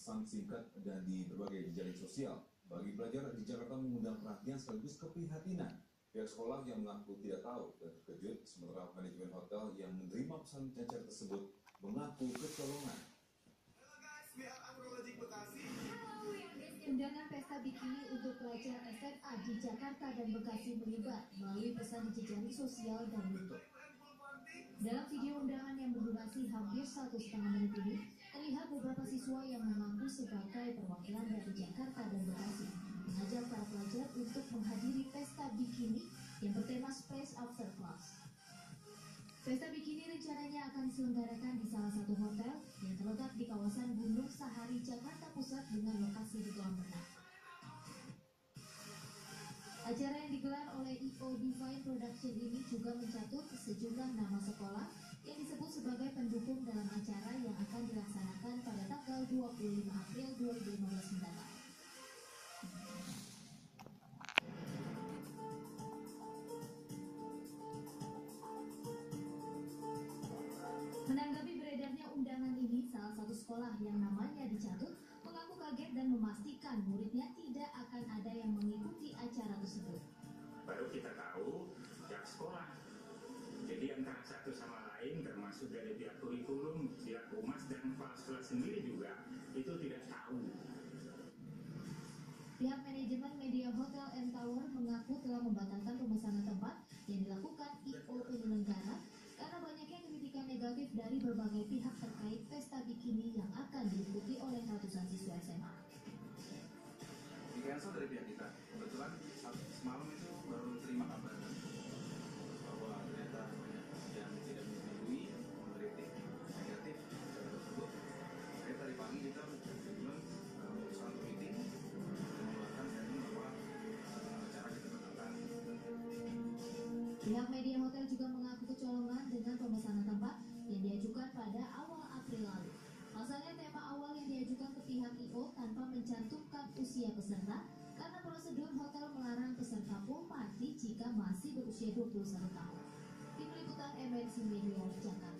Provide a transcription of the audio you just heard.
pesan singkat dan di berbagai jejaring sosial. Bagi pelajar di Jakarta mengundang perhatian sekaligus keprihatinan. Pihak sekolah yang mengaku tidak tahu dan terkejut, sementara manajemen hotel yang menerima pesan cacar tersebut mengaku kecolongan. Undangan pesta bikini untuk pelajar SMA di Jakarta dan Bekasi menyebar melalui pesan di jejaring sosial dan YouTube. Dalam video undangan yang berdurasi hampir satu setengah menit ini, serangkai perwakilan dari Jakarta dan Bekasi mengajak para pelajar untuk menghadiri pesta bikini yang bertema Space After Class. Pesta bikini rencananya akan diselenggarakan di salah satu hotel yang terletak di kawasan Gunung Sahari, Jakarta Pusat dengan lokasi di kolam renang. Acara yang digelar oleh IO e Divine Production ini juga mencatut sejumlah nama sekolah yang disebut sebagai pendukung dalam acara yang akan dilaksanakan pada tanggal 25 April Menanggapi beredarnya undangan ini, salah satu sekolah yang namanya dicatut mengaku kaget dan memastikan muridnya tidak akan ada yang mengikuti acara tersebut. Baru kita tahu yang sekolah. Jadi antara satu sama lain termasuk dari pihak kurikulum kepala sendiri juga itu tidak tahu. Pihak manajemen media hotel and tower mengaku telah membatalkan pemesanan tempat yang dilakukan IO penyelenggara karena banyaknya kritikan negatif dari berbagai pihak terkait pesta bikini yang akan diikuti oleh ratusan siswa. Pihak media hotel juga mengaku kecolongan dengan pemesanan tempat yang diajukan pada awal April lalu. Pasalnya tema awal yang diajukan ke pihak IO tanpa mencantumkan usia peserta karena prosedur hotel melarang peserta pun mati jika masih berusia 21 tahun. Tim Liputan MNC Media Jakarta.